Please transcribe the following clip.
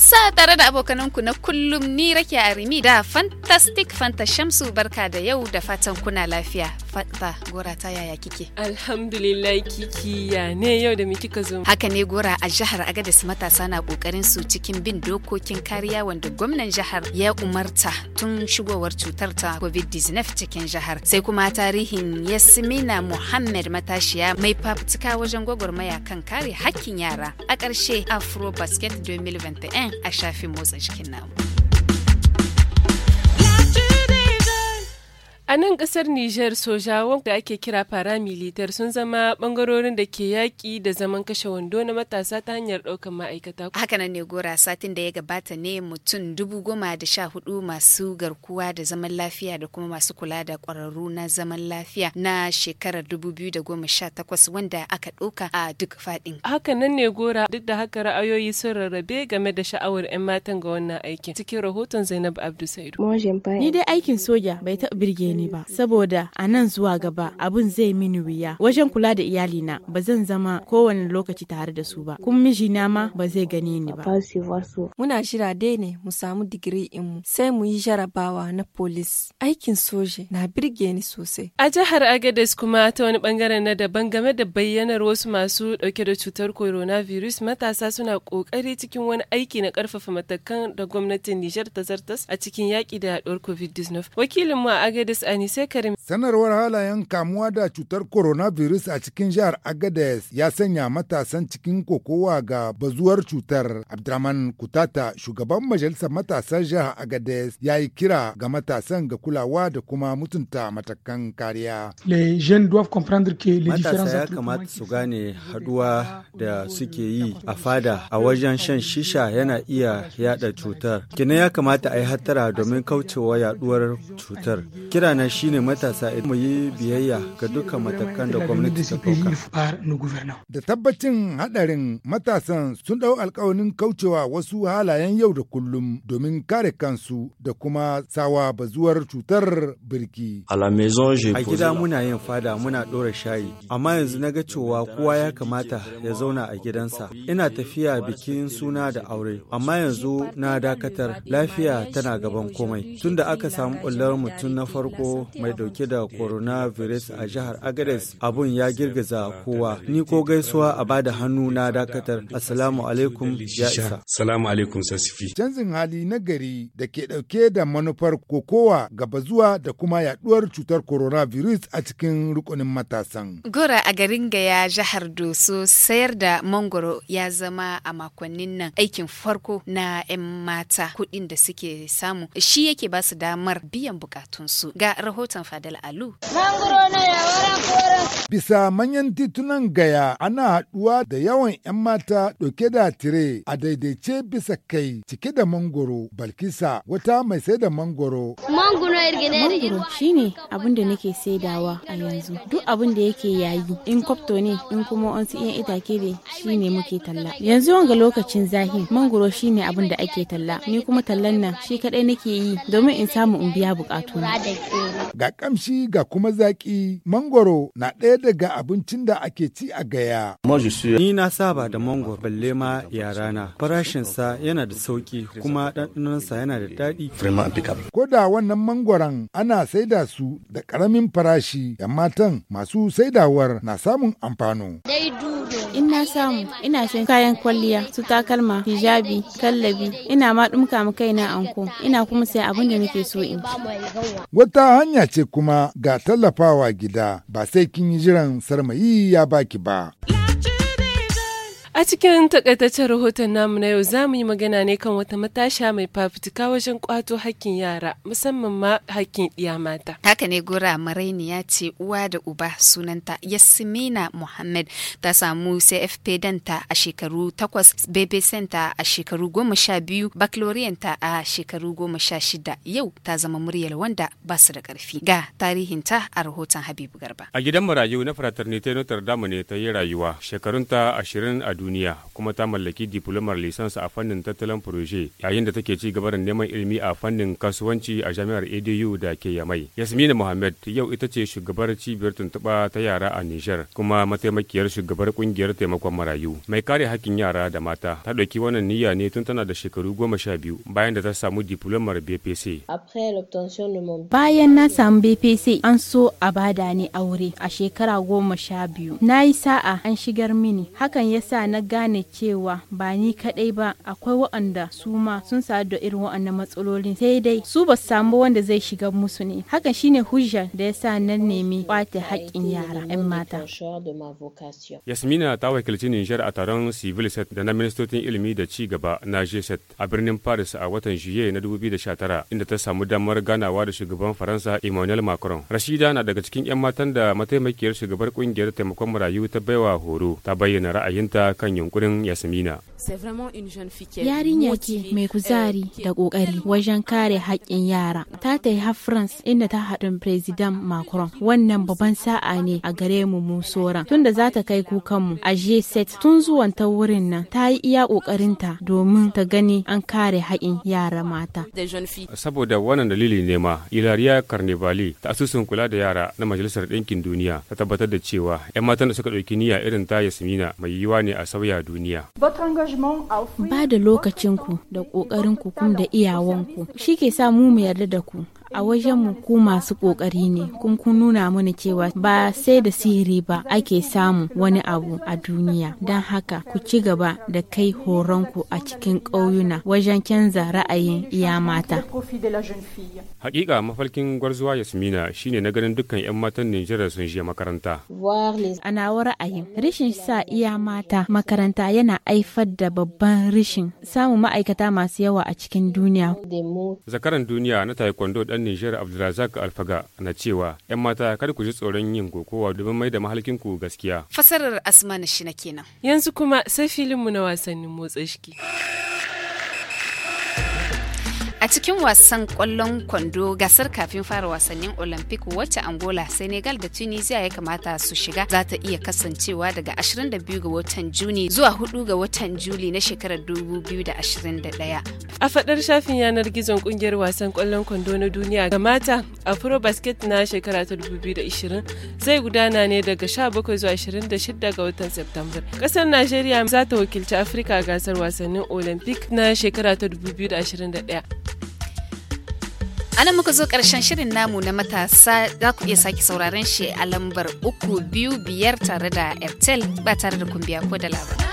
Sa tare da abokananku na kullum ni rake rimi da Fantastic Fanta Shamsu barka da yau da fatan kuna lafiya. Fanta Gora ta yaya kike? Alhamdulillah kiki ya ne yau da miki ka zo. Haka ne Gora a jihar agadis matasa na kokarin su cikin bin dokokin kariya wanda gwamnan jihar ya umarta tun shigowar cutar ta COVID-19 cikin jihar. Sai kuma tarihin Yasmina Muhammad matashiya mai fafutuka wajen gwagwarmaya kan kare hakkin yara. A ƙarshe Afro Basket 2021 nan a shafinmu motsa jikin namu. A nan ƙasar Nijar soja da ake kira paramilitar sun zama ɓangarorin da ke yaƙi da zaman kashe wando na matasa ta hanyar ɗaukan ma'aikata. haka nan ne gora satin da ya gabata ne mutum dubu goma da sha hudu masu garkuwa da zaman lafiya da kuma masu kula da ƙwararru na zaman lafiya na shekarar dubu biyu da goma sha takwas wanda aka ɗauka a duk faɗin. nan ne gora duk da haka ra'ayoyi sun rarrabe game da sha'awar 'yan matan ga wannan aikin. Cikin rahoton Zainab Abdu Saidu. Ni dai aikin soja bai taɓa birge ni. ni ba saboda a nan zuwa gaba abun zai mini wuya wajen kula da iyali na ba zan zama kowane lokaci tare da su ba kuma mijina ma ba zai gane ni ba muna shira dai ne mu samu digiri in mu sai mu yi jarabawa na polis aikin soje na birge ni sosai a jihar agades kuma ta wani bangaren na daban game da bayyanar wasu masu dauke da cutar coronavirus matasa suna kokari cikin wani aiki na karfafa matakan da gwamnatin nijar ta zartas a cikin yaki da yaduwar covid-19 wakilinmu a agades Anise Karim. Sanarwar halayen kamuwa da cutar coronavirus a cikin jihar Agadez ya sanya matasan cikin kokowa ga bazuwar cutar. Abdraman Kutata, shugaban majalisar matasan jihar Agadez, ya yi kira ga matasan ga kulawa da kuma mutunta matakan kariya. Matasa ya kamata su gane haduwa da suke yi a fada a wajen shan shisha yana iya yada cutar. Kina ya kamata a yi hattara domin kaucewa yaduwar cutar. Kira na shine matasa idan mu yi biyayya ga dukkan matakan da gwamnati ta ɗauka. Da tabbacin hadarin matasan sun ɗau alkawarin kaucewa wasu halayen yau da kullum domin kare kansu da kuma sawa bazuwar cutar birki. A gida muna yin fada muna ɗora shayi, amma yanzu na ga cewa kowa ya kamata ya zauna a gidansa. Ina tafiya bikin suna da aure, amma yanzu na dakatar lafiya tana gaban komai. Tunda aka samu ɓullar mutum na farko mai dauke da coronavirus a jihar Agadez abun ya girgiza kowa. Ni ko gaisuwa a bada hannu na dakatar. Assalamu alaikum ya isa. Assalamu alaikum sasifi. Canjin hali na gari da ke dauke da manufar kokowa gaba zuwa da kuma yaduwar cutar coronavirus a cikin rukunin matasan. Gora a garin Gaya jihar Doso sayar da mangoro ya zama a makonnin nan aikin farko na 'yan mata kuɗin da suke samu shi yake ba su damar biyan bukatunsu ga rahoton Fadal Alu. Bisa manyan titunan gaya ana haɗuwa da yawan 'yan mata ɗauke da tire a daidaice bisa kai cike da mangoro balkisa wata mai sai da mangoro. Mangoro shine abin da nake saidawa a yanzu. Duk abin da yake yayi in kwafto ne in kuma wasu iya itake ne shine muke talla. Yanzu wanga lokacin zahi mangoro shine abin da ake talla. Ni kuma tallan nan shi kaɗai nake yi domin in samu in biya bukatu Ga kamshi ga kuma zaki mangoro na ɗaya daga abincin da ake ci a gaya. Ni na saba da mangoro balle ma yarana. Farashinsa yana da sauki kuma ɗanɗanonsa yana da daɗi. Ko da wannan mangoron ana saida su da ƙaramin farashi, ‘yan matan masu saidawar na samun amfano. samu ina sayan kayan kwalliya su takalma hijabi kallabi ina ma dumka ma kaina anko ina kuma sayan abin da nake so in wata hanya ce kuma ga tallafawa gida ba sai kin yi jiran sarmayi ya baki ba. A cikin takaitaccen rahoton namu na yau za mu yi magana ne kan wata matasha mai fafutuka wajen kwato hakkin yara musamman ma hakkin iya mata. Haka ne Gora Maraini ya ce uwa da uba sunanta Yasmina Muhammad ta samu CFP danta a shekaru takwas, Bebe Center a shekaru goma sha biyu, Baccalaureate a shekaru goma sha shida. Yau ta zama muryar wanda ba su da karfi Ga tarihinta a rahoton Habibu Garba. A gidan marayu na Fraternité Notre Dame ne ta yi rayuwa shekarunta ashirin a duniya. duniya kuma ta mallaki diplomar lisansa a fannin tattalin furoje yayin da take ci gaba da neman ilimi a fannin kasuwanci a jami'ar ADU da ke Yamai. Yasmina Mohammed yau ita ce shugabar cibiyar tuntuɓa ta yara a Nijar kuma mataimakiyar shugabar kungiyar taimakon marayu. Mai kare hakkin yara da mata ta ɗauki wannan niyya ne tun tana da shekaru goma sha biyu bayan da ta samu diplomar BPC. Bayan na samu BPC an so a bada ni aure a shekara goma sha biyu. Na yi sa'a an shigar mini hakan yasa na gane cewa ba ni kadai ba akwai waɗanda su ma sun sadu da irin waɗannan matsalolin sai dai su ba samu wanda zai shiga musu ne hakan shine hujjar da ya sa nan nemi kwace haƙƙin yara 'yan mata yasmina ta wakilci nijar a taron civil set da na ministocin ilimi da ci gaba na gset a birnin paris a watan juye na 2019 inda ta samu damar ganawa da shugaban faransa emmanuel macron rashida na daga cikin 'yan matan da mataimakiyar shugabar kungiyar taimakon marayu ta baiwa horo ta bayyana ra'ayinta kan kan yunkurin Yasmina. Yarinya ce mai kuzari da ƙoƙari wajen kare haƙƙin yara. Ta ta har France inda ta haɗin President Macron. Wannan babban sa'a ne a gare mu mu soran. Tunda za ta kai kukanmu a G7 tun zuwan ta wurin nan ta yi iya ƙoƙarinta domin ta gani an kare haƙƙin yara mata. Saboda wannan dalili ne ma Ilariya Carnevali ta asusun kula da yara na Majalisar Ɗinkin Duniya ta tabbatar da cewa 'yan matan da suka ɗauki niyya irin ta Yasmina mai yiwuwa ne a sauya duniya. Ba da lokacinku da ƙoƙarinku kuma da iyawanku shi ke sa mu mu yarda da ku a wajen mu ku masu kokari ne kun kun nuna mana cewa ba sai da sihiri ba ake samu wani abu a duniya don haka ku ci gaba da kai horonku a cikin ƙauyuna wajen canza ra'ayin iya mata hakika mafalkin gwarzuwa yasmina shine na ganin dukkan 'yan matan nijar sun je makaranta A nawa ra'ayin rishin sa iya mata makaranta yana haifar da babban rishin samun ma'aikata masu yawa a cikin duniya zakaran duniya na taekwondo dan shugaban Nijar Abdulrazak Alfaga na cewa ‘yan mata kada ku ji tsoron yin kokowa domin mai da mahalkinku gaskiya. Fasarar na shi na kenan. Yanzu kuma sai filinmu na wasannin motsa shiki. a cikin wasan kwallon kwando gasar kafin fara wasannin olympic wacce angola senegal da tunisia ya kamata su shiga za ta iya kasancewa daga 22 ga watan juni zuwa 4 ga watan juli na shekarar 2021 A faɗar shafin yanar gizon ƙungiyar wasan kwallon kwando na duniya ga mata, pro Basket na shekara ta 2020 zai gudana ne daga 17 zuwa 26 ga watan Septambar. kasar Najeriya za ta wakilci Afirka a gasar wasannin Olympic na shekara ta 2021. nan muka zo karshen shirin namu na matasa za ku iya sake sauraron shi a lambar uku biyu biyar tare da airtel ba tare da kumbiya ko da labar.